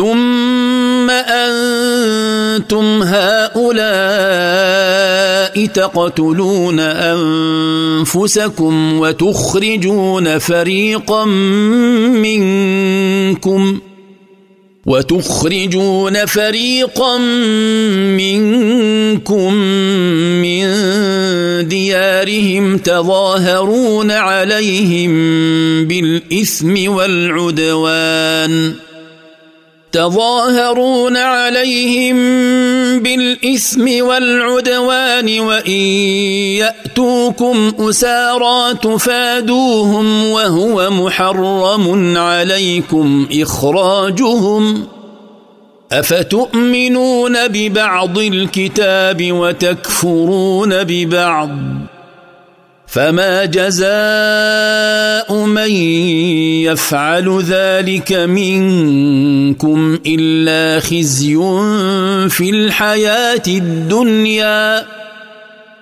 ثم انتم هؤلاء تقتلون انفسكم وتخرجون فريقا منكم وتخرجون فريقا منكم من ديارهم تظاهرون عليهم بالاثم والعدوان تظاهرون عليهم بالاثم والعدوان وان ياتوكم اسارى تفادوهم وهو محرم عليكم اخراجهم افتؤمنون ببعض الكتاب وتكفرون ببعض فما جزاء من يفعل ذلك منكم الا خزي في الحياه الدنيا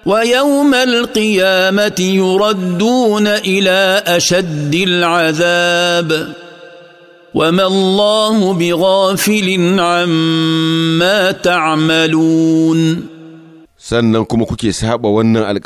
ويوم القيامه يردون الى اشد العذاب وما الله بغافل عما تعملون سنكم kuma kuke saba wannan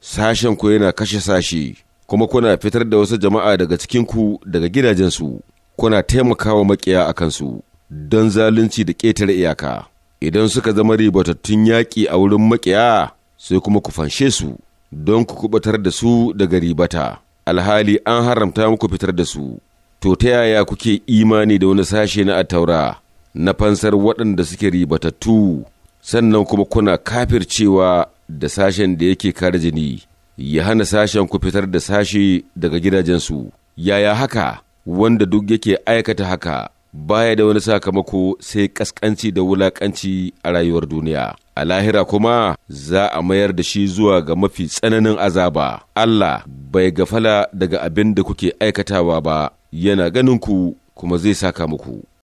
sashen ku yana kashe sashe kuma kuna fitar da wasu jama'a daga cikinku daga gidajensu kuna taimakawa makiya a kansu don zalunci da ƙetare iyaka idan suka zama ribatattun yaƙi a wurin makiya sai kuma ku fanshe su don ku kubatar da su daga ribata alhali an haramta muku fitar da su to ta yaya kuke imani da wani sashe na attaura na fansar waɗanda suke ribatattu sannan kuma kuna kafircewa da sashen da yake kare jini ya hana sashen ku fitar da sashe daga gidajensu yaya haka wanda duk yake aikata haka baya da wani sakamako sai kaskanci da wulakanci a rayuwar duniya a lahira kuma za a mayar da shi zuwa ga mafi tsananin azaba Allah bai gafala daga abin da kuke aikatawa ba yana ganin ku kuma zai saka muku